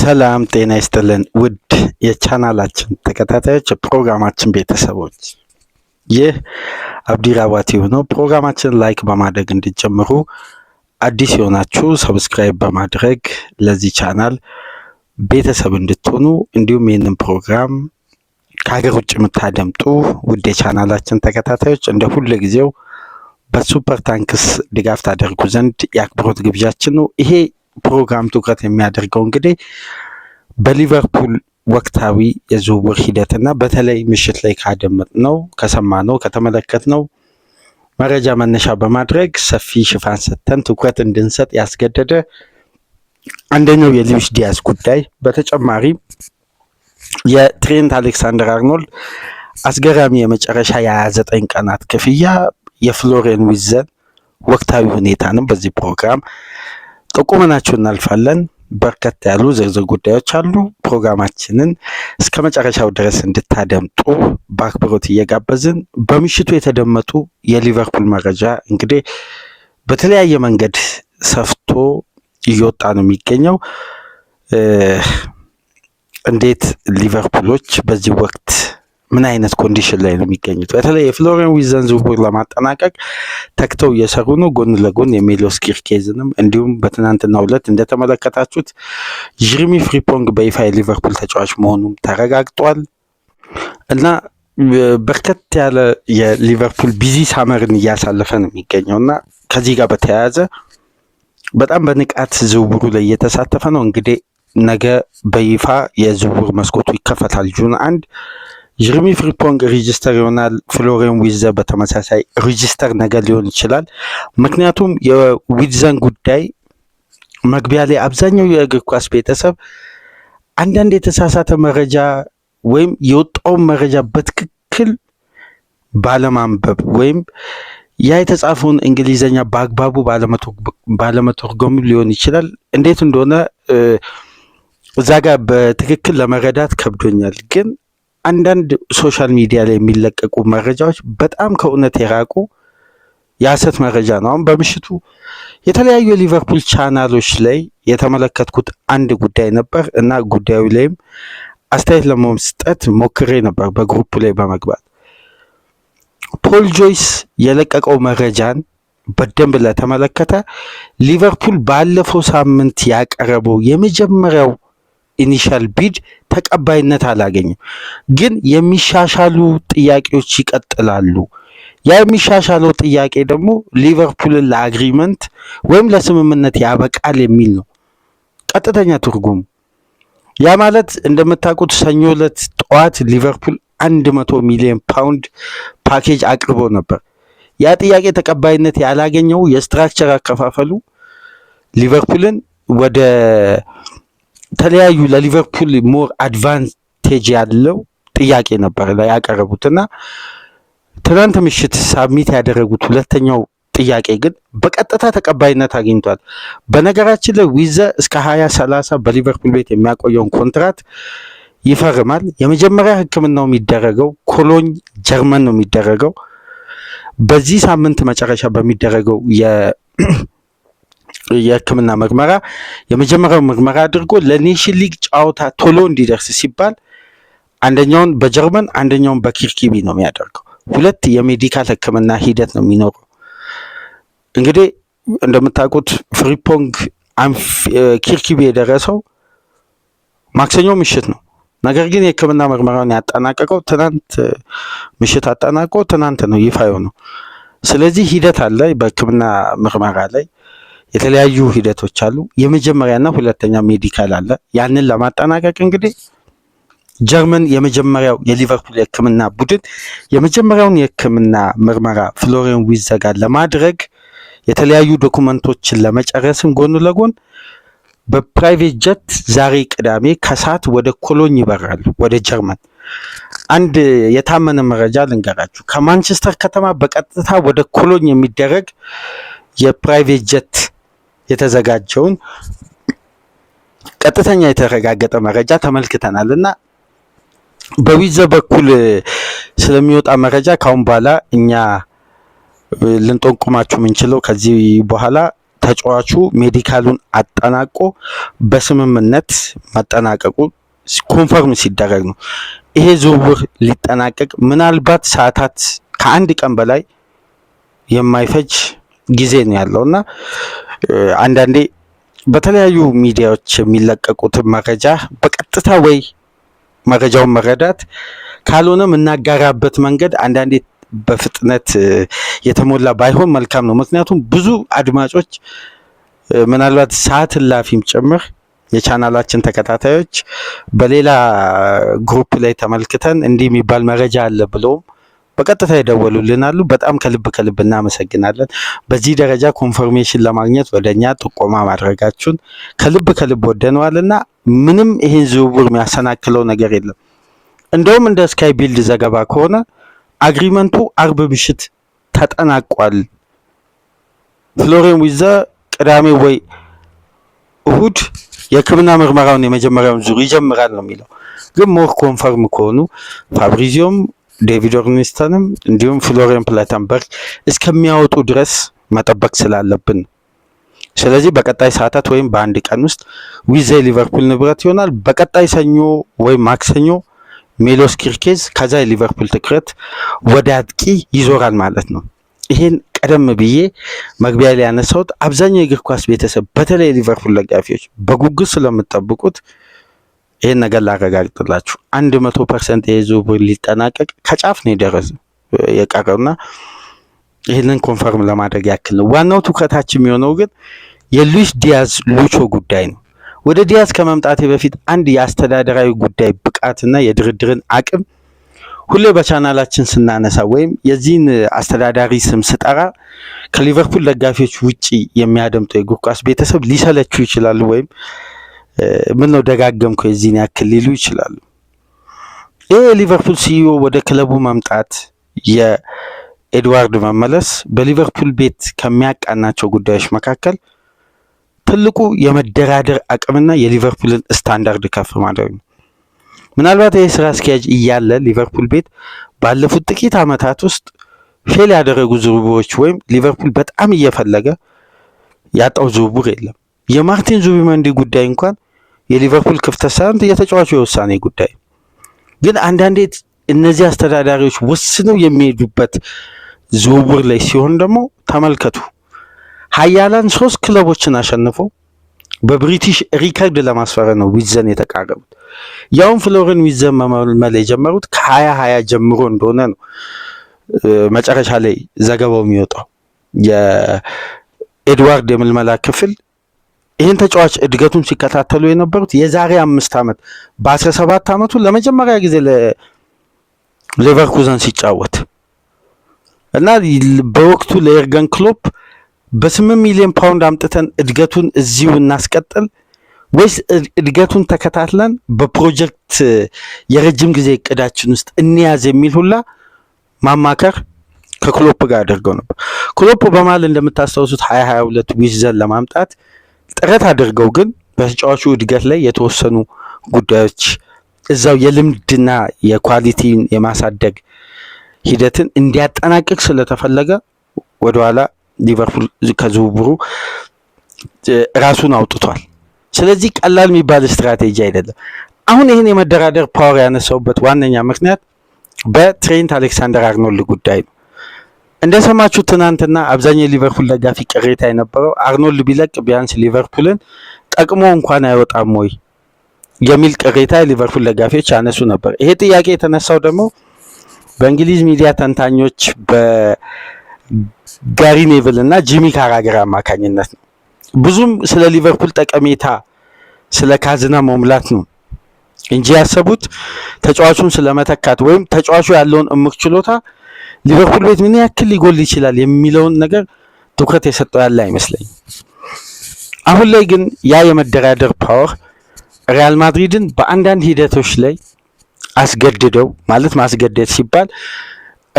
ሰላም ጤና ይስጥልን ውድ የቻናላችን ተከታታዮች የፕሮግራማችን ቤተሰቦች፣ ይህ አብዲ ራባቲው ነው። ፕሮግራማችን ላይክ በማድረግ እንዲጀምሩ አዲስ የሆናችሁ ሰብስክራይብ በማድረግ ለዚህ ቻናል ቤተሰብ እንድትሆኑ እንዲሁም ይህንን ፕሮግራም ከሀገር ውጭ የምታደምጡ ውድ የቻናላችን ተከታታዮች እንደ ሁል ጊዜው በሱፐር ታንክስ ድጋፍ ታደርጉ ዘንድ የአክብሮት ግብዣችን ነው። ይሄ ፕሮግራም ትኩረት የሚያደርገው እንግዲህ በሊቨርፑል ወቅታዊ የዝውውር ሂደትና በተለይ ምሽት ላይ ነው ከተመለከት ከተመለከትነው መረጃ መነሻ በማድረግ ሰፊ ሽፋን ሰጥተን ትኩረት እንድንሰጥ ያስገደደ አንደኛው የሉዊስ ዲያዝ ጉዳይ፣ በተጨማሪ የትሬንት አሌክሳንደር አርኖልድ አስገራሚ የመጨረሻ የ29 ቀናት ክፍያ፣ የፍሎሬን ዊዘን ወቅታዊ ሁኔታንም በዚህ ፕሮግራም ጥቆመናችሁ እናልፋለን። በርከት ያሉ ዝርዝር ጉዳዮች አሉ። ፕሮግራማችንን እስከ መጨረሻው ድረስ እንድታደምጡ በአክብሮት እየጋበዝን በምሽቱ የተደመጡ የሊቨርፑል መረጃ እንግዲህ በተለያየ መንገድ ሰፍቶ እየወጣ ነው የሚገኘው። እንዴት ሊቨርፑሎች በዚህ ወቅት ምን አይነት ኮንዲሽን ላይ ነው የሚገኙት? በተለይ የፍሎሪያን ዊዘን ዝውውር ለማጠናቀቅ ተግተው እየሰሩ ነው። ጎን ለጎን የሜሎስ ኪርኬዝንም እንዲሁም በትናንትናው ዕለት እንደተመለከታችሁት ጀርሚ ፍሪፖንግ በይፋ የሊቨርፑል ተጫዋች መሆኑም ተረጋግጧል እና በርከት ያለ የሊቨርፑል ቢዚ ሳመርን እያሳለፈ ነው የሚገኘው እና ከዚህ ጋር በተያያዘ በጣም በንቃት ዝውውሩ ላይ እየተሳተፈ ነው። እንግዲህ ነገ በይፋ የዝውውር መስኮቱ ይከፈታል ጁን አንድ ጀርሚ ፍሪፖንግ ሪጅስተር ይሆናል። ፍሎሬን ዊዘ በተመሳሳይ ሪጅስተር ነገር ሊሆን ይችላል። ምክንያቱም የዊዘን ጉዳይ መግቢያ ላይ አብዛኛው የእግር ኳስ ቤተሰብ አንዳንድ የተሳሳተ መረጃ ወይም የወጣውን መረጃ በትክክል ባለማንበብ ወይም ያ የተጻፈውን እንግሊዘኛ በአግባቡ ባለመተርጎሙ ሊሆን ይችላል። እንዴት እንደሆነ እዛ ጋር በትክክል ለመረዳት ከብዶኛል ግን አንዳንድ ሶሻል ሚዲያ ላይ የሚለቀቁ መረጃዎች በጣም ከእውነት የራቁ የሐሰት መረጃ ነው። አሁን በምሽቱ የተለያዩ የሊቨርፑል ቻናሎች ላይ የተመለከትኩት አንድ ጉዳይ ነበር እና ጉዳዩ ላይም አስተያየት ለመስጠት ሞክሬ ነበር በግሩፕ ላይ በመግባት ፖል ጆይስ የለቀቀው መረጃን በደንብ ለተመለከተ ሊቨርፑል ባለፈው ሳምንት ያቀረበው የመጀመሪያው ኢኒሻል ቢድ ተቀባይነት አላገኝም ግን የሚሻሻሉ ጥያቄዎች ይቀጥላሉ። ያ የሚሻሻለው ጥያቄ ደግሞ ሊቨርፑልን ለአግሪመንት ወይም ለስምምነት ያበቃል የሚል ነው ቀጥተኛ ትርጉም ያ ማለት እንደምታውቁት ሰኞ ዕለት ጠዋት ሊቨርፑል አንድ መቶ ሚሊዮን ፓውንድ ፓኬጅ አቅርቦ ነበር። ያ ጥያቄ ተቀባይነት ያላገኘው የስትራክቸር አከፋፈሉ ሊቨርፑልን ወደ ተለያዩ ለሊቨርፑል ሞር አድቫንቴጅ ያለው ጥያቄ ነበር ላይ እና ትናንት ምሽት ሳሚት ያደረጉት ሁለተኛው ጥያቄ ግን በቀጥታ ተቀባይነት አግኝቷል። በነገራችን ላይ ዊዘ እስከ ሀያ ሰላሳ በሊቨርፑል ቤት የሚያቆየውን ኮንትራት ይፈርማል። የመጀመሪያ ሕክምናው የሚደረገው ኮሎኝ ጀርመን ነው የሚደረገው በዚህ ሳምንት መጨረሻ በሚደረገው የህክምና ምርመራ የመጀመሪያው ምርመራ አድርጎ ለኔሽን ሊግ ጨዋታ ቶሎ እንዲደርስ ሲባል አንደኛውን በጀርመን አንደኛውን በኪርኪቢ ነው የሚያደርገው። ሁለት የሜዲካል ህክምና ሂደት ነው የሚኖረው። እንግዲህ እንደምታውቁት ፍሪፖንግ ኪርኪቢ የደረሰው ማክሰኞ ምሽት ነው። ነገር ግን የህክምና ምርመራውን ያጠናቀቀው ትናንት ምሽት አጠናቆ ትናንት ነው ይፋ የሆነው። ስለዚህ ሂደት አለ በህክምና ምርመራ ላይ የተለያዩ ሂደቶች አሉ። የመጀመሪያና ሁለተኛ ሜዲካል አለ። ያንን ለማጠናቀቅ እንግዲህ ጀርመን የመጀመሪያው የሊቨርፑል የሕክምና ቡድን የመጀመሪያውን የሕክምና ምርመራ ፍሎሪን ዊዘጋ ለማድረግ የተለያዩ ዶኩመንቶችን ለመጨረስም ጎን ለጎን በፕራይቬት ጀት ዛሬ ቅዳሜ ከሰዓት ወደ ኮሎኝ ይበራሉ ወደ ጀርመን። አንድ የታመነ መረጃ ልንገራችሁ። ከማንቸስተር ከተማ በቀጥታ ወደ ኮሎኝ የሚደረግ የፕራይቬት ጀት የተዘጋጀውን ቀጥተኛ የተረጋገጠ መረጃ ተመልክተናል እና በዊዘ በኩል ስለሚወጣ መረጃ ካሁን በኋላ እኛ ልንጠቁማችሁ የምንችለው ከዚህ በኋላ ተጫዋቹ ሜዲካሉን አጠናቆ በስምምነት ማጠናቀቁ ኮንፈርም ሲደረግ ነው። ይሄ ዝውውር ሊጠናቀቅ ምናልባት ሰዓታት ከአንድ ቀን በላይ የማይፈጅ ጊዜ ነው ያለው እና አንዳንዴ በተለያዩ ሚዲያዎች የሚለቀቁትን መረጃ በቀጥታ ወይ መረጃውን መረዳት ካልሆነ የምናጋራበት መንገድ አንዳንዴ በፍጥነት የተሞላ ባይሆን መልካም ነው። ምክንያቱም ብዙ አድማጮች ምናልባት ሰዓት እላፊም ጭምር የቻናላችን ተከታታዮች በሌላ ግሩፕ ላይ ተመልክተን እንዲህ የሚባል መረጃ አለ ብለውም በቀጥታ የደወሉልን አሉ። በጣም ከልብ ከልብ እናመሰግናለን። በዚህ ደረጃ ኮንፎርሜሽን ለማግኘት ወደ እኛ ጥቆማ ማድረጋችሁን ከልብ ከልብ ወደነዋልና ምንም ይህን ዝውውር የሚያሰናክለው ነገር የለም። እንደውም እንደ ስካይ ቢልድ ዘገባ ከሆነ አግሪመንቱ አርብ ምሽት ተጠናቋል። ፍሎሬን ዊዘ ቅዳሜ ወይ እሁድ የሕክምና ምርመራውን የመጀመሪያውን ዙር ይጀምራል ነው የሚለው። ግን ሞር ኮንፈርም ከሆኑ ፋብሪዚዮም ዴቪድ ኦርኒስተንም እንዲሁም ፍሎሪያን ፕላተንበርግ እስከሚያወጡ ድረስ መጠበቅ ስላለብን ስለዚህ በቀጣይ ሰዓታት ወይም በአንድ ቀን ውስጥ ዊዘ ሊቨርፑል ንብረት ይሆናል። በቀጣይ ሰኞ ወይም ማክሰኞ ሜሎስ ኪርኬዝ ከዛ የሊቨርፑል ትኩረት ወደ አጥቂ ይዞራል ማለት ነው። ይሄን ቀደም ብዬ መግቢያ ላይ ያነሳሁት አብዛኛው የእግር ኳስ ቤተሰብ በተለይ ሊቨርፑል ደጋፊዎች በጉጉት ስለምጠብቁት ይህን ነገር ላረጋግጥላችሁ፣ አንድ መቶ ፐርሰንት የህዝቡ ብር ሊጠናቀቅ ከጫፍ ነው የደረሰ የቀረውና ይህንን ኮንፈርም ለማድረግ ያክል ነው። ዋናው ትኩረታችን የሚሆነው ግን የሉዊስ ዲያዝ ሉቾ ጉዳይ ነው። ወደ ዲያዝ ከመምጣቴ በፊት አንድ የአስተዳደራዊ ጉዳይ ብቃትና የድርድርን አቅም ሁሌ በቻናላችን ስናነሳ ወይም የዚህን አስተዳዳሪ ስም ስጠራ ከሊቨርፑል ደጋፊዎች ውጪ የሚያደምጠው የእግር ኳስ ቤተሰብ ሊሰለችው ይችላሉ ወይም ምን ነው ደጋገምኩ የዚህን ያክል ሊሉ ይችላሉ። ይህ የሊቨርፑል ሲኢኦ ወደ ክለቡ መምጣት የኤድዋርድ መመለስ በሊቨርፑል ቤት ከሚያቃናቸው ጉዳዮች መካከል ትልቁ የመደራደር አቅምና የሊቨርፑልን ስታንዳርድ ከፍ ማድረግ ነው። ምናልባት ይህ ስራ አስኪያጅ እያለ ሊቨርፑል ቤት ባለፉት ጥቂት ዓመታት ውስጥ ፌል ያደረጉ ዝውውሮች ወይም ሊቨርፑል በጣም እየፈለገ ያጣው ዝውውር የለም። የማርቲን ዙቢመንዲ ጉዳይ እንኳን የሊቨርፑል ክፍተት ሳንት የተጫዋቹ የውሳኔ ጉዳይ ግን አንዳንዴ እነዚህ አስተዳዳሪዎች ወስነው የሚሄዱበት ዝውውር ላይ ሲሆን ደግሞ ተመልከቱ። ሀያላን ሶስት ክለቦችን አሸንፈው በብሪቲሽ ሪከርድ ለማስፈረ ነው ዊዘን የተቃረቡት። ያውም ፍሎረን ዊዘን መመልመል የጀመሩት ከሀያ ሀያ ጀምሮ እንደሆነ ነው መጨረሻ ላይ ዘገባው የሚወጣው የኤድዋርድ የምልመላ ክፍል ይህን ተጫዋች እድገቱን ሲከታተሉ የነበሩት የዛሬ አምስት ዓመት በ17 ዓመቱ ለመጀመሪያ ጊዜ ሌቨርኩዘን ሲጫወት እና በወቅቱ ለኤርገን ክሎፕ በስምንት ሚሊዮን ፓውንድ አምጥተን እድገቱን እዚሁ እናስቀጥል ወይስ እድገቱን ተከታትለን በፕሮጀክት የረጅም ጊዜ እቅዳችን ውስጥ እንያዝ የሚል ሁላ ማማከር ከክሎፕ ጋር አድርገው ነበር። ክሎፕ በመሃል እንደምታስታውሱት ሀያ ሀያ ሁለት ዊዝዘን ለማምጣት ጥረት አድርገው ግን በተጫዋቹ እድገት ላይ የተወሰኑ ጉዳዮች እዛው የልምድና የኳሊቲን የማሳደግ ሂደትን እንዲያጠናቅቅ ስለተፈለገ ወደኋላ ሊቨርፑል ከዝውውሩ ራሱን አውጥቷል። ስለዚህ ቀላል የሚባል ስትራቴጂ አይደለም። አሁን ይህን የመደራደር ፓወር ያነሳውበት ዋነኛ ምክንያት በትሬንት አሌክሳንደር አርኖልድ ጉዳይ ነው። እንደሰማችሁ ትናንትና አብዛኛው ሊቨርፑል ደጋፊ ቅሬታ የነበረው አርኖልድ ቢለቅ ቢያንስ ሊቨርፑልን ጠቅሞ እንኳን አይወጣም ወይ የሚል ቅሬታ ሊቨርፑል ደጋፊዎች ያነሱ ነበር። ይሄ ጥያቄ የተነሳው ደግሞ በእንግሊዝ ሚዲያ ተንታኞች በጋሪ ኔቭል እና ጂሚ ካራገር አማካኝነት ነው። ብዙም ስለ ሊቨርፑል ጠቀሜታ ስለ ካዝና መሙላት ነው እንጂ ያሰቡት ተጫዋቹን ስለመተካት ወይም ተጫዋቹ ያለውን እምቅ ችሎታ ሊቨርፑል ቤት ምን ያክል ሊጎል ይችላል የሚለውን ነገር ትኩረት የሰጠው ያለ አይመስለኝም። አሁን ላይ ግን ያ የመደራደር ፓወር ሪያል ማድሪድን በአንዳንድ ሂደቶች ላይ አስገድደው ማለት ማስገደድ ሲባል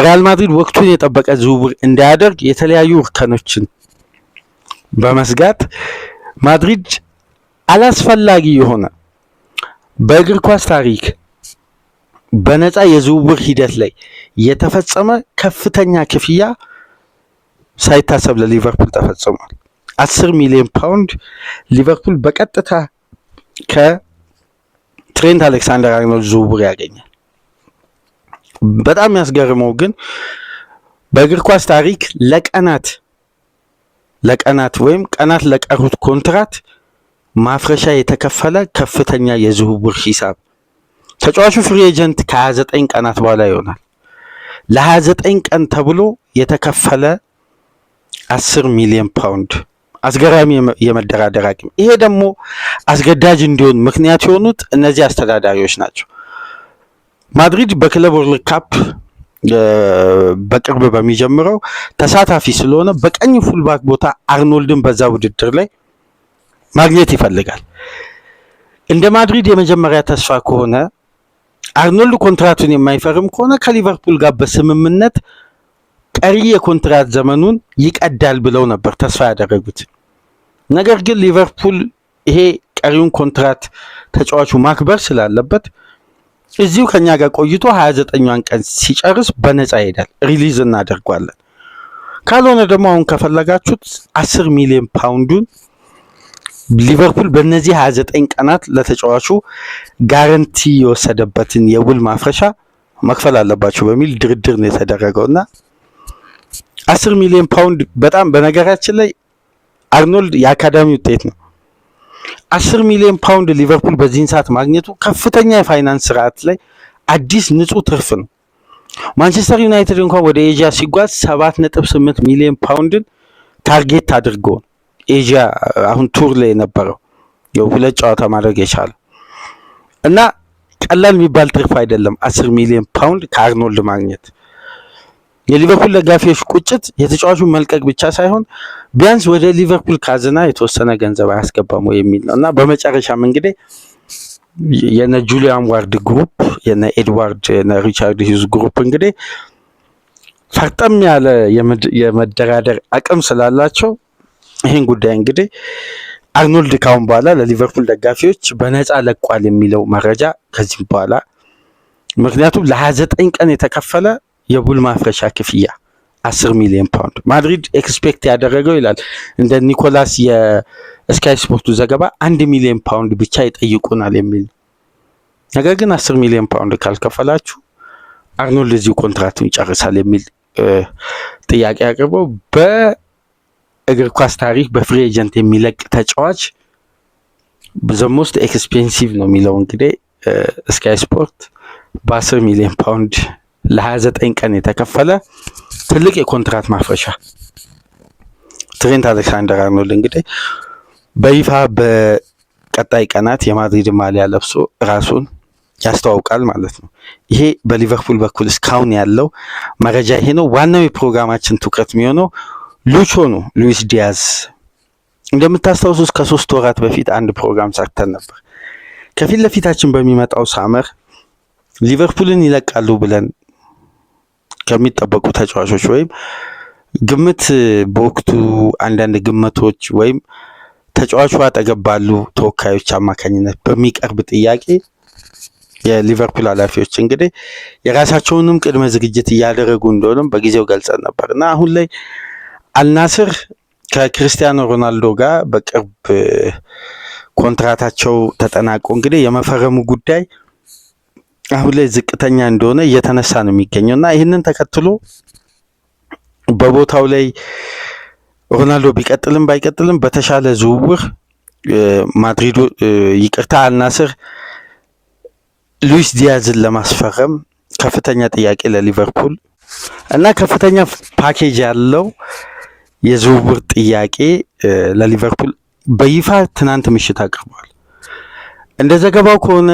ሪያል ማድሪድ ወቅቱን የጠበቀ ዝውውር እንዳያደርግ የተለያዩ እርከኖችን በመስጋት ማድሪድ አላስፈላጊ የሆነ በእግር ኳስ ታሪክ በነፃ የዝውውር ሂደት ላይ የተፈጸመ ከፍተኛ ክፍያ ሳይታሰብ ለሊቨርፑል ተፈጽሟል። አስር ሚሊዮን ፓውንድ ሊቨርፑል በቀጥታ ከትሬንት አሌክሳንደር አርኖልድ ዝውውር ያገኛል። በጣም የሚያስገርመው ግን በእግር ኳስ ታሪክ ለቀናት ለቀናት ወይም ቀናት ለቀሩት ኮንትራት ማፍረሻ የተከፈለ ከፍተኛ የዝውውር ሂሳብ ተጫዋቹ ፍሪ ኤጀንት ከ29 ቀናት በኋላ ይሆናል። ለ29 ቀን ተብሎ የተከፈለ 10 ሚሊዮን ፓውንድ አስገራሚ የመደራደር አቅም። ይሄ ደግሞ አስገዳጅ እንዲሆን ምክንያት የሆኑት እነዚህ አስተዳዳሪዎች ናቸው። ማድሪድ በክለብ ወርልድ ካፕ በቅርብ በሚጀምረው ተሳታፊ ስለሆነ በቀኝ ፉልባክ ቦታ አርኖልድን በዛ ውድድር ላይ ማግኘት ይፈልጋል። እንደ ማድሪድ የመጀመሪያ ተስፋ ከሆነ አርኖልድ ኮንትራቱን የማይፈርም ከሆነ ከሊቨርፑል ጋር በስምምነት ቀሪ የኮንትራት ዘመኑን ይቀዳል ብለው ነበር ተስፋ ያደረጉት። ነገር ግን ሊቨርፑል ይሄ ቀሪውን ኮንትራት ተጫዋቹ ማክበር ስላለበት እዚሁ ከኛ ጋር ቆይቶ 29ኛን ቀን ሲጨርስ በነፃ ይሄዳል፣ ሪሊዝ እናደርጓለን። ካልሆነ ደግሞ አሁን ከፈለጋችሁት 10 ሚሊዮን ፓውንዱን ሊቨርፑል በእነዚህ 29 ቀናት ለተጫዋቹ ጋረንቲ የወሰደበትን የውል ማፍረሻ መክፈል አለባቸው በሚል ድርድር ነው የተደረገው እና አስር ሚሊዮን ፓውንድ በጣም በነገራችን ላይ አርኖልድ የአካዳሚ ውጤት ነው። አስር ሚሊዮን ፓውንድ ሊቨርፑል በዚህን ሰዓት ማግኘቱ ከፍተኛ የፋይናንስ ስርዓት ላይ አዲስ ንጹህ ትርፍ ነው። ማንቸስተር ዩናይትድ እንኳን ወደ ኤዥያ ሲጓዝ ሰባት ነጥብ ስምንት ሚሊዮን ፓውንድን ታርጌት አድርገው ኤዥያ አሁን ቱር ላይ የነበረው ሁለት ጨዋታ ማድረግ የቻለው እና ቀላል የሚባል ትርፍ አይደለም። አስር ሚሊዮን ፓውንድ ከአርኖልድ ማግኘት የሊቨርፑል ደጋፊዎች ቁጭት የተጫዋቹን መልቀቅ ብቻ ሳይሆን ቢያንስ ወደ ሊቨርፑል ካዝና የተወሰነ ገንዘብ አያስገባም ወይ የሚል ነው እና በመጨረሻም እንግዲህ የነ ጁሊያን ዋርድ ግሩፕ የነ ኤድዋርድ የነ ሪቻርድ ሂዝ ግሩፕ እንግዲህ ፈርጠም ያለ የመደራደር አቅም ስላላቸው ይህን ጉዳይ እንግዲህ አርኖልድ ካሁን በኋላ ለሊቨርፑል ደጋፊዎች በነፃ ለቋል የሚለው መረጃ ከዚህም በኋላ ምክንያቱም ለ29 ቀን የተከፈለ የቡል ማፍረሻ ክፍያ 10 ሚሊዮን ፓውንድ ማድሪድ ኤክስፔክት ያደረገው ይላል እንደ ኒኮላስ የስካይ ስፖርቱ ዘገባ አንድ ሚሊዮን ፓውንድ ብቻ ይጠይቁናል የሚል ነገር ግን 10 ሚሊዮን ፓውንድ ካልከፈላችሁ አርኖልድ እዚሁ ኮንትራቱን ይጨርሳል የሚል ጥያቄ አቅርበው በ እግር ኳስ ታሪክ በፍሪ ኤጀንት የሚለቅ ተጫዋች ዘሞስት ኤክስፔንሲቭ ነው የሚለው እንግዲህ ስካይ ስፖርት በ10 ሚሊዮን ፓውንድ ለ29 ቀን የተከፈለ ትልቅ የኮንትራት ማፍረሻ ትሬንት አሌክሳንደር አርኖልድ እንግዲህ በይፋ በቀጣይ ቀናት የማድሪድ ማሊያ ለብሶ ራሱን ያስተዋውቃል ማለት ነው። ይሄ በሊቨርፑል በኩል እስካሁን ያለው መረጃ ይሄ ነው። ዋናው የፕሮግራማችን ትኩረት የሚሆነው ሉቾኑ ሉዊስ ዲያዝ እንደምታስታውሱ እስከ ሶስት ወራት በፊት አንድ ፕሮግራም ሰርተን ነበር። ከፊት ለፊታችን በሚመጣው ሳመር ሊቨርፑልን ይለቃሉ ብለን ከሚጠበቁ ተጫዋቾች ወይም ግምት በወቅቱ አንዳንድ ግምቶች ወይም ተጫዋቹ አጠገብ ባሉ ተወካዮች አማካኝነት በሚቀርብ ጥያቄ የሊቨርፑል ኃላፊዎች እንግዲህ የራሳቸውንም ቅድመ ዝግጅት እያደረጉ እንደሆነም በጊዜው ገልጸን ነበር እና አሁን ላይ አልናስር ከክርስቲያኖ ሮናልዶ ጋር በቅርብ ኮንትራታቸው ተጠናቆ እንግዲህ የመፈረሙ ጉዳይ አሁን ላይ ዝቅተኛ እንደሆነ እየተነሳ ነው የሚገኘው እና ይህንን ተከትሎ በቦታው ላይ ሮናልዶ ቢቀጥልም ባይቀጥልም በተሻለ ዝውውር ማድሪዶ ይቅርታ አልናስር ሉዊስ ዲያዝን ለማስፈረም ከፍተኛ ጥያቄ ለሊቨርፑል እና ከፍተኛ ፓኬጅ ያለው የዝውውር ጥያቄ ለሊቨርፑል በይፋ ትናንት ምሽት አቅርቧል። እንደ ዘገባው ከሆነ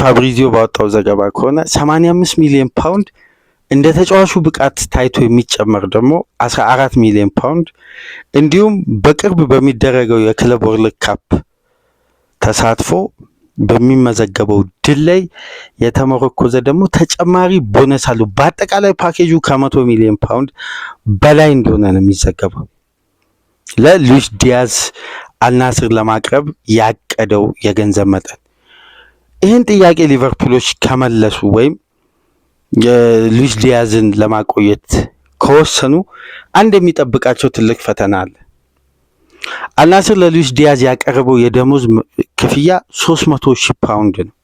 ፋብሪዚዮ ባወጣው ዘገባ ከሆነ 85 ሚሊዮን ፓውንድ እንደ ተጫዋቹ ብቃት ታይቶ የሚጨመር ደግሞ 14 ሚሊዮን ፓውንድ እንዲሁም በቅርብ በሚደረገው የክለብ ወርልድ ካፕ ተሳትፎ በሚመዘገበው ድል ላይ የተመረኮዘ ደግሞ ተጨማሪ ቦነስ አለው። በአጠቃላይ ፓኬጁ ከመቶ ሚሊዮን ፓውንድ በላይ እንደሆነ ነው የሚዘገበው። ለሉዊስ ዲያዝ አልናስር ለማቅረብ ያቀደው የገንዘብ መጠን ይህን ጥያቄ ሊቨርፑሎች ከመለሱ ወይም ሉዊስ ዲያዝን ለማቆየት ከወሰኑ አንድ የሚጠብቃቸው ትልቅ ፈተና አለ። አልናስር ለሉዊስ ዲያዝ ያቀረበው የደሞዝ ክፍያ 300 ሺ ፓውንድ ነው።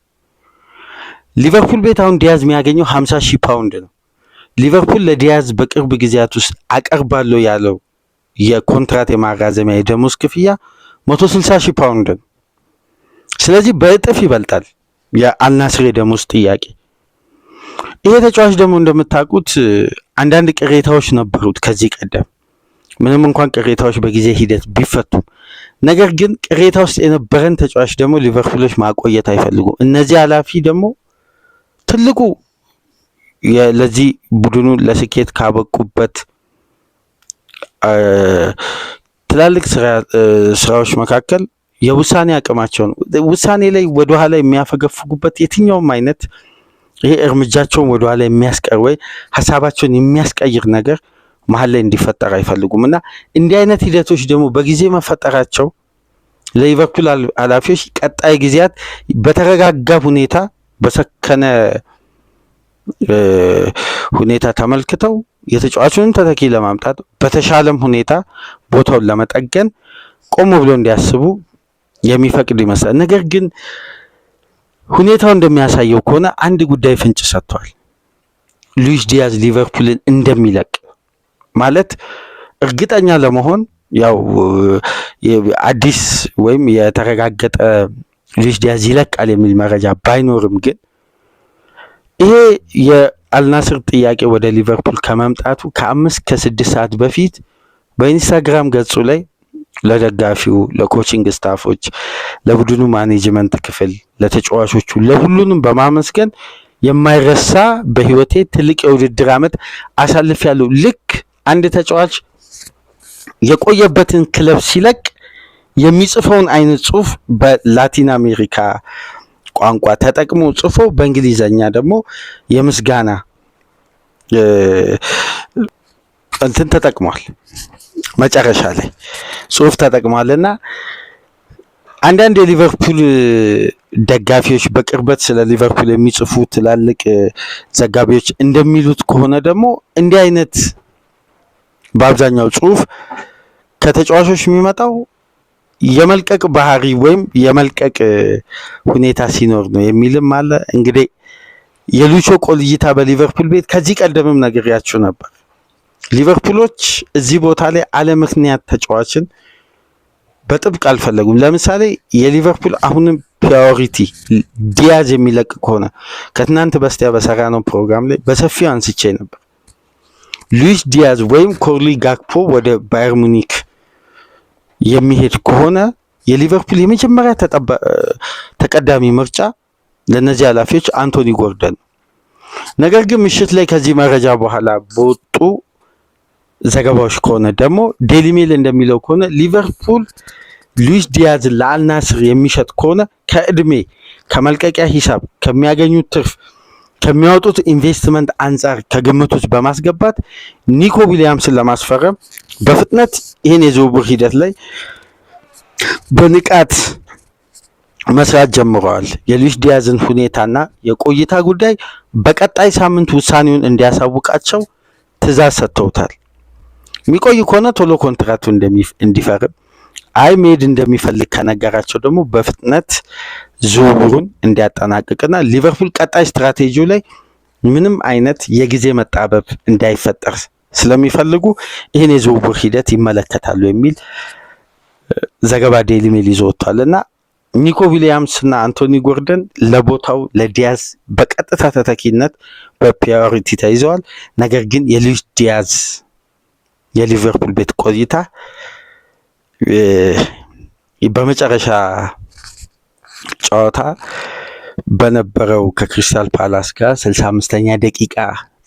ሊቨርፑል ቤት አሁን ዲያዝ የሚያገኘው 50 ሺ ፓውንድ ነው። ሊቨርፑል ለዲያዝ በቅርብ ጊዜያት ውስጥ አቀርባለሁ ያለው የኮንትራት የማራዘሚያ የደሞዝ ክፍያ 160 ሺ ፓውንድ ነው። ስለዚህ በእጥፍ ይበልጣል የአልናስር የደሞዝ ጥያቄ። ይሄ ተጫዋች ደግሞ እንደምታውቁት አንዳንድ ቅሬታዎች ነበሩት ከዚህ ቀደም ምንም እንኳን ቅሬታዎች በጊዜ ሂደት ቢፈቱ፣ ነገር ግን ቅሬታ ውስጥ የነበረን ተጫዋች ደግሞ ሊቨርፑሎች ማቆየት አይፈልጉም። እነዚህ ኃላፊ ደግሞ ትልቁ ለዚህ ቡድኑ ለስኬት ካበቁበት ትላልቅ ስራዎች መካከል የውሳኔ አቅማቸው ነው። ውሳኔ ላይ ወደኋላ የሚያፈገፍጉበት የትኛውም አይነት ይሄ እርምጃቸውን ወደኋላ የሚያስቀር ወይ ሀሳባቸውን የሚያስቀይር ነገር መሀል ላይ እንዲፈጠር አይፈልጉም እና እንዲህ አይነት ሂደቶች ደግሞ በጊዜ መፈጠራቸው ለሊቨርፑል ኃላፊዎች ቀጣይ ጊዜያት በተረጋጋ ሁኔታ በሰከነ ሁኔታ ተመልክተው የተጫዋቹንም ተተኪ ለማምጣት በተሻለም ሁኔታ ቦታውን ለመጠገን ቆሞ ብሎ እንዲያስቡ የሚፈቅድ ይመስላል። ነገር ግን ሁኔታው እንደሚያሳየው ከሆነ አንድ ጉዳይ ፍንጭ ሰጥቷል። ሉዊስ ዲያዝ ሊቨርፑልን እንደሚለቅ ማለት እርግጠኛ ለመሆን ያው አዲስ ወይም የተረጋገጠ ሉዊስ ዲያዝ ይለቃል የሚል መረጃ ባይኖርም ግን ይሄ የአልናስር ጥያቄ ወደ ሊቨርፑል ከመምጣቱ ከአምስት ከስድስት ሰዓት በፊት በኢንስታግራም ገጹ ላይ ለደጋፊው፣ ለኮችንግ ስታፎች፣ ለቡድኑ ማኔጅመንት ክፍል፣ ለተጫዋቾቹ፣ ለሁሉንም በማመስገን የማይረሳ በህይወቴ ትልቅ የውድድር ዓመት አሳልፍ ያለው ልክ አንድ ተጫዋች የቆየበትን ክለብ ሲለቅ የሚጽፈውን አይነት ጽሁፍ በላቲን አሜሪካ ቋንቋ ተጠቅሞ ጽፎ በእንግሊዘኛ ደግሞ የምስጋና እንትን ተጠቅሟል። መጨረሻ ላይ ጽሁፍ ተጠቅሟልና አንዳንድ የሊቨርፑል ደጋፊዎች በቅርበት ስለ ሊቨርፑል የሚጽፉ ትላልቅ ዘጋቢዎች እንደሚሉት ከሆነ ደግሞ እንዲህ አይነት በአብዛኛው ጽሁፍ ከተጫዋቾች የሚመጣው የመልቀቅ ባህሪ ወይም የመልቀቅ ሁኔታ ሲኖር ነው የሚልም አለ። እንግዲህ የሉቾ ቆልይታ በሊቨርፑል ቤት ከዚህ ቀደምም ነግሬያችሁ ነበር። ሊቨርፑሎች እዚህ ቦታ ላይ አለ ምክንያት ተጫዋችን በጥብቅ አልፈለጉም። ለምሳሌ የሊቨርፑል አሁንም ፕራዮሪቲ ዲያዝ የሚለቅ ከሆነ ከትናንት በስቲያ በሰራ ነው ፕሮግራም ላይ በሰፊው አንስቼ ነበር። ሉዊስ ዲያዝ ወይም ኮርሊ ጋክፖ ወደ ባየር ሙኒክ የሚሄድ ከሆነ የሊቨርፑል የመጀመሪያ ተቀዳሚ ምርጫ ለእነዚህ ኃላፊዎች አንቶኒ ጎርደን ነገር ግን ምሽት ላይ ከዚህ መረጃ በኋላ በወጡ ዘገባዎች ከሆነ ደግሞ ዴሊ ሜል እንደሚለው ከሆነ ሊቨርፑል ሉዊስ ዲያዝን ለአልናስር የሚሸጥ ከሆነ ከእድሜ ከመልቀቂያ ሂሳብ ከሚያገኙት ትርፍ ከሚያወጡት ኢንቨስትመንት አንጻር ከግምቶች በማስገባት ኒኮ ዊሊያምስን ለማስፈረም በፍጥነት ይህን የዝውውር ሂደት ላይ በንቃት መስራት ጀምረዋል። የሉዊስ ዲያዝን ሁኔታና የቆይታ ጉዳይ በቀጣይ ሳምንት ውሳኔውን እንዲያሳውቃቸው ትእዛዝ ሰጥተውታል። የሚቆይ ከሆነ ቶሎ ኮንትራቱ እንዲፈርም አይ መሄድ እንደሚፈልግ ከነገራቸው ደግሞ በፍጥነት ዝውውሩን እንዲያጠናቅቅና ሊቨርፑል ቀጣይ ስትራቴጂው ላይ ምንም አይነት የጊዜ መጣበብ እንዳይፈጠር ስለሚፈልጉ ይህን የዝውውር ሂደት ይመለከታሉ የሚል ዘገባ ዴይሊ ሜል ይዞ ወጥቷል እና ኒኮ ዊሊያምስ እና አንቶኒ ጎርደን ለቦታው ለዲያዝ በቀጥታ ተተኪነት በፕሪዮሪቲ ተይዘዋል። ነገር ግን የሉዊስ ዲያዝ የሊቨርፑል ቤት ቆይታ በመጨረሻ ጨዋታ በነበረው ከክሪስታል ፓላስ ጋር ስልሳ አምስተኛ ደቂቃ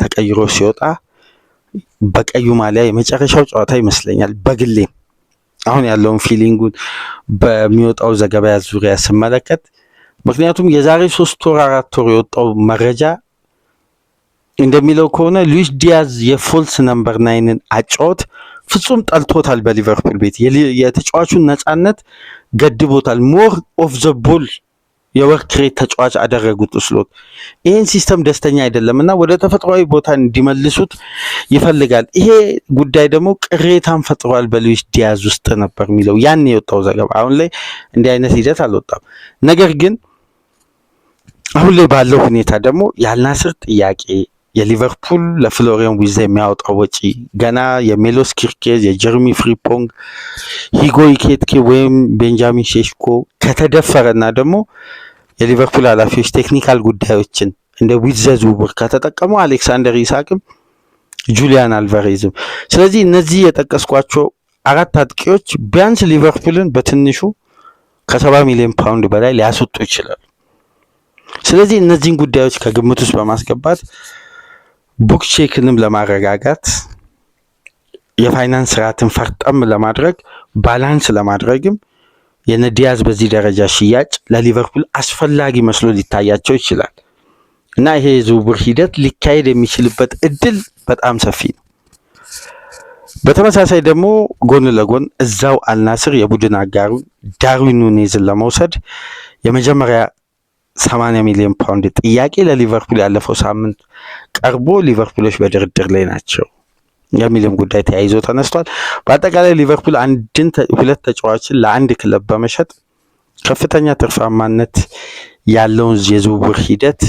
ተቀይሮ ሲወጣ በቀዩ ማሊያ የመጨረሻው ጨዋታ ይመስለኛል። በግሌም አሁን ያለውን ፊሊንጉን በሚወጣው ዘገባ ዙሪያ ስመለከት ምክንያቱም የዛሬ ሶስት ወር አራት ወር የወጣው መረጃ እንደሚለው ከሆነ ሉዊስ ዲያዝ የፎልስ ነምበር ናይንን አጫወት ፍጹም ጠልቶታል። በሊቨርፑል ቤት የተጫዋቹን ነፃነት ገድቦታል። ሞር ኦፍ ዘ ቦል የወርክ ሬት ተጫዋች አደረጉት ስሎት። ይህን ሲስተም ደስተኛ አይደለም እና ወደ ተፈጥሯዊ ቦታ እንዲመልሱት ይፈልጋል። ይሄ ጉዳይ ደግሞ ቅሬታን ፈጥሯል በሉዊስ ዲያዝ ውስጥ ነበር የሚለው ያን የወጣው ዘገባ። አሁን ላይ እንዲህ አይነት ሂደት አልወጣም። ነገር ግን አሁን ላይ ባለው ሁኔታ ደግሞ ያልናስር ጥያቄ የሊቨርፑል ለፍሎሪያን ዊዜ የሚያወጣው ወጪ ገና የሜሎስ ኪርኬዝ፣ የጀርሚ ፍሪፖንግ፣ ሂጎ ኢኬትኬ ወይም ቤንጃሚን ሼሽኮ እና ደግሞ የሊቨርፑል ኃላፊዎች ቴክኒካል ጉዳዮችን እንደ ዊዘ ዝውውር ከተጠቀሙ አሌክሳንደር ኢሳቅም ጁሊያን አልቫሬዝም። ስለዚህ እነዚህ የጠቀስኳቸው አራት አጥቂዎች ቢያንስ ሊቨርፑልን በትንሹ ከሰባ ሚሊዮን ፓውንድ በላይ ሊያስወጡ ይችላሉ። ስለዚህ እነዚህን ጉዳዮች ከግምት ውስጥ በማስገባት ቡክ ቼክንም ለማረጋጋት የፋይናንስ ስርዓትን ፈርጠም ለማድረግ ባላንስ ለማድረግም የነዲያዝ በዚህ ደረጃ ሽያጭ ለሊቨርፑል አስፈላጊ መስሎ ሊታያቸው ይችላል እና ይሄ የዝውውር ሂደት ሊካሄድ የሚችልበት እድል በጣም ሰፊ ነው። በተመሳሳይ ደግሞ ጎን ለጎን እዛው አልናስር የቡድን አጋሩ ዳርዊን ኑኔዝን ለመውሰድ የመጀመሪያ 80 ሚሊዮን ፓውንድ ጥያቄ ለሊቨርፑል ያለፈው ሳምንት ቀርቦ ሊቨርፑሎች በድርድር ላይ ናቸው የሚልም ጉዳይ ተያይዞ ተነስቷል። በአጠቃላይ ሊቨርፑል አንድን ሁለት ተጫዋችን ለአንድ ክለብ በመሸጥ ከፍተኛ ትርፋማነት ያለውን የዝውውር ሂደት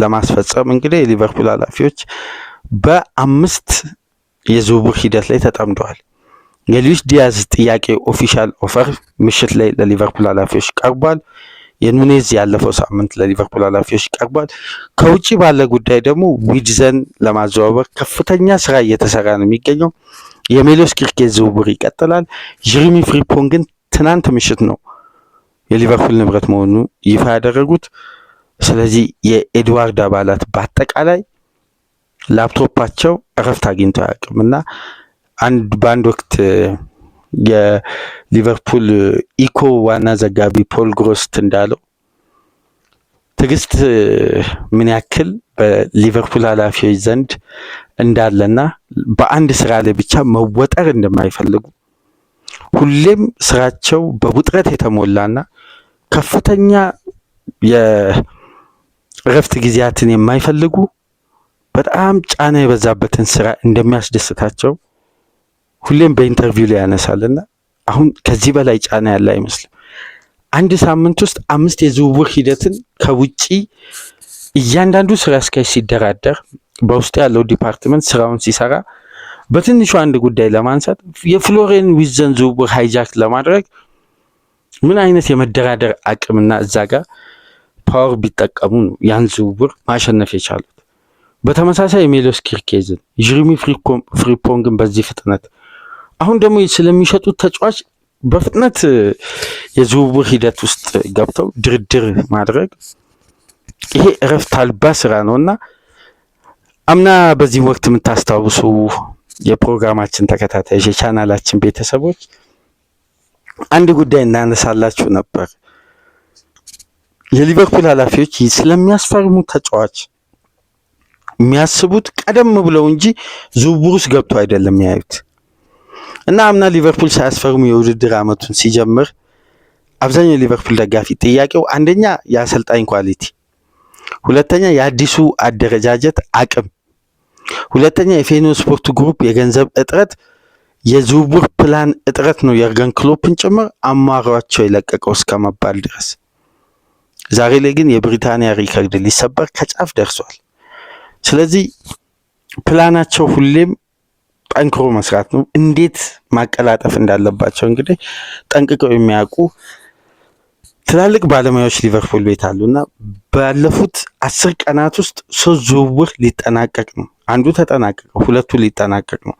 ለማስፈጸም እንግዲህ የሊቨርፑል ኃላፊዎች በአምስት የዝውውር ሂደት ላይ ተጠምደዋል። የሉዊስ ዲያዝ ጥያቄ ኦፊሻል ኦፈር ምሽት ላይ ለሊቨርፑል ኃላፊዎች ቀርቧል። የኑኔዝ ያለፈው ሳምንት ለሊቨርፑል ኃላፊዎች ቀርቧል። ከውጭ ባለ ጉዳይ ደግሞ ዊድዘን ለማዘዋወር ከፍተኛ ስራ እየተሰራ ነው የሚገኘው። የሜሎስ ኪርኬዝ ዝውውር ይቀጥላል። ጀሪሚ ፍሪፖን ግን ትናንት ምሽት ነው የሊቨርፑል ንብረት መሆኑ ይፋ ያደረጉት። ስለዚህ የኤድዋርድ አባላት በአጠቃላይ ላፕቶፓቸው እረፍት አግኝተው አያውቅም እና አንድ በአንድ ወቅት የሊቨርፑል ኢኮ ዋና ዘጋቢ ፖል ግሮስት እንዳለው ትዕግስት ምን ያክል በሊቨርፑል ኃላፊዎች ዘንድ እንዳለና በአንድ ስራ ላይ ብቻ መወጠር እንደማይፈልጉ ሁሌም ስራቸው በውጥረት የተሞላና ከፍተኛ የእረፍት ጊዜያትን የማይፈልጉ በጣም ጫና የበዛበትን ስራ እንደሚያስደስታቸው ሁሌም በኢንተርቪው ላይ ያነሳልና አሁን ከዚህ በላይ ጫና ያለ አይመስልም። አንድ ሳምንት ውስጥ አምስት የዝውውር ሂደትን ከውጪ እያንዳንዱ ስራ አስኪያጅ ሲደራደር በውስጡ ያለው ዲፓርትመንት ስራውን ሲሰራ በትንሹ አንድ ጉዳይ ለማንሳት የፍሎሬን ዊዘን ዝውውር ሃይጃክ ለማድረግ ምን አይነት የመደራደር አቅምና እዛ ጋር ፓወር ቢጠቀሙ ነው ያን ዝውውር ማሸነፍ የቻሉት። በተመሳሳይ የሜሎስ ኪርኬዝን፣ ጅሪሚ ፍሪፖንግን በዚህ ፍጥነት አሁን ደግሞ ስለሚሸጡት ተጫዋች በፍጥነት የዝውውር ሂደት ውስጥ ገብተው ድርድር ማድረግ ይሄ እረፍት አልባ ስራ ነው እና አምና በዚህ ወቅት የምታስታውሱ የፕሮግራማችን ተከታታዮች የቻናላችን ቤተሰቦች አንድ ጉዳይ እናነሳላችሁ ነበር። የሊቨርፑል ኃላፊዎች ስለሚያስፈርሙ ተጫዋች የሚያስቡት ቀደም ብለው እንጂ ዝውውር ውስጥ ገብቶ አይደለም ያዩት። እና አምና ሊቨርፑል ሳያስፈርሙ የውድድር ዓመቱን ሲጀምር አብዛኛው ሊቨርፑል ደጋፊ ጥያቄው አንደኛ የአሰልጣኝ ኳሊቲ፣ ሁለተኛ የአዲሱ አደረጃጀት አቅም፣ ሁለተኛ የፌኖ ስፖርት ግሩፕ የገንዘብ እጥረት፣ የዝውውር ፕላን እጥረት ነው የርገን ክሎፕን ጭምር አማሯቸው የለቀቀው እስከ መባል ድረስ። ዛሬ ላይ ግን የብሪታንያ ሪከርድ ሊሰበር ከጫፍ ደርሷል። ስለዚህ ፕላናቸው ሁሌም ጠንክሮ መስራት ነው። እንዴት ማቀላጠፍ እንዳለባቸው እንግዲህ ጠንቅቀው የሚያውቁ ትላልቅ ባለሙያዎች ሊቨርፑል ቤት አሉ እና ባለፉት አስር ቀናት ውስጥ ሶስት ዝውውር ሊጠናቀቅ ነው። አንዱ ተጠናቀቀ፣ ሁለቱ ሊጠናቀቅ ነው።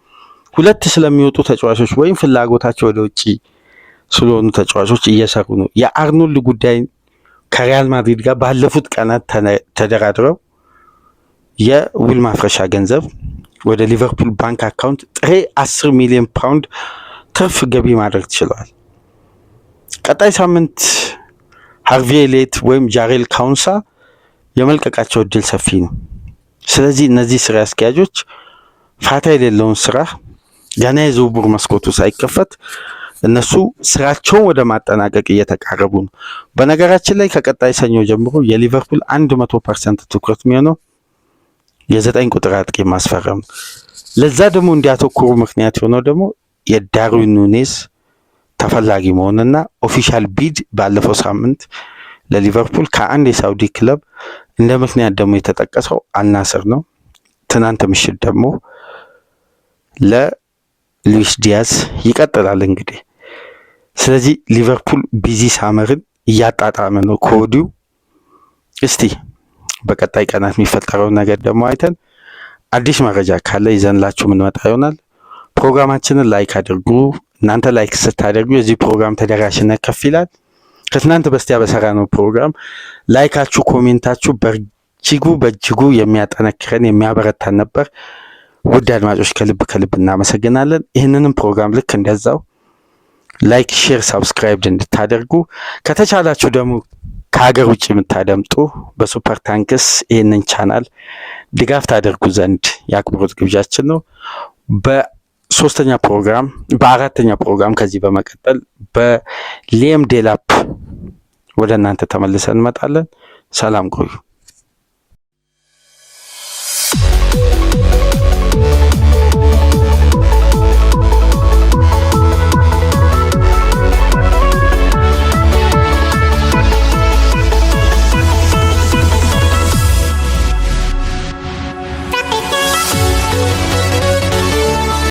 ሁለት ስለሚወጡ ተጫዋቾች ወይም ፍላጎታቸው ወደ ውጭ ስለሆኑ ተጫዋቾች እየሰሩ ነው። የአርኖልድ ጉዳይ ከሪያል ማድሪድ ጋር ባለፉት ቀናት ተደራድረው የውል ማፍረሻ ገንዘብ ወደ ሊቨርፑል ባንክ አካውንት ጥሬ 10 ሚሊዮን ፓውንድ ትርፍ ገቢ ማድረግ ችለዋል። ቀጣይ ሳምንት ሃርቪ ኤሊየት ወይም ጃሬል ካውንሳ የመልቀቃቸው እድል ሰፊ ነው። ስለዚህ እነዚህ ስራ አስኪያጆች ፋታ የሌለውን ስራ ገና የዝውውር መስኮቱ ሳይከፈት እነሱ ስራቸውን ወደ ማጠናቀቅ እየተቃረቡ ነው። በነገራችን ላይ ከቀጣይ ሰኞ ጀምሮ የሊቨርፑል አንድ መቶ ፐርሰንት ትኩረት የሚሆነው የዘጠኝ ቁጥር አጥቂ ማስፈረም ለዛ ደግሞ እንዲያተኩሩ ምክንያት የሆነው ደግሞ የዳርዊን ኑኔዝ ተፈላጊ መሆንና ኦፊሻል ቢድ ባለፈው ሳምንት ለሊቨርፑል ከአንድ የሳውዲ ክለብ እንደ ምክንያት ደግሞ የተጠቀሰው አልናስር ነው። ትናንት ምሽት ደግሞ ለሉዊስ ዲያዝ ይቀጥላል። እንግዲህ ስለዚህ ሊቨርፑል ቢዚ ሳመርን እያጣጣመ ነው ከወዲሁ እስቲ በቀጣይ ቀናት የሚፈጠረውን ነገር ደግሞ አይተን አዲስ መረጃ ካለ ይዘንላችሁ የምንመጣ ይሆናል። ፕሮግራማችንን ላይክ አድርጉ። እናንተ ላይክ ስታደርጉ የዚህ ፕሮግራም ተደራሽነት ከፍ ይላል። ከትናንት በስቲያ በሰራ ነው ፕሮግራም ላይካችሁ፣ ኮሜንታችሁ በእጅጉ በእጅጉ የሚያጠነክረን የሚያበረታን ነበር። ውድ አድማጮች ከልብ ከልብ እናመሰግናለን። ይህንንም ፕሮግራም ልክ እንደዛው ላይክ፣ ሼር፣ ሳብስክራይብ እንድታደርጉ ከተቻላችሁ ደግሞ ከሀገር ውጭ የምታደምጡ በሱፐር ታንክስ ይህንን ቻናል ድጋፍ ታደርጉ ዘንድ የአክብሮት ግብዣችን ነው። በሶስተኛ ፕሮግራም በአራተኛ ፕሮግራም ከዚህ በመቀጠል በሌም ዴላፕ ወደ እናንተ ተመልሰን እንመጣለን። ሰላም ቆዩ።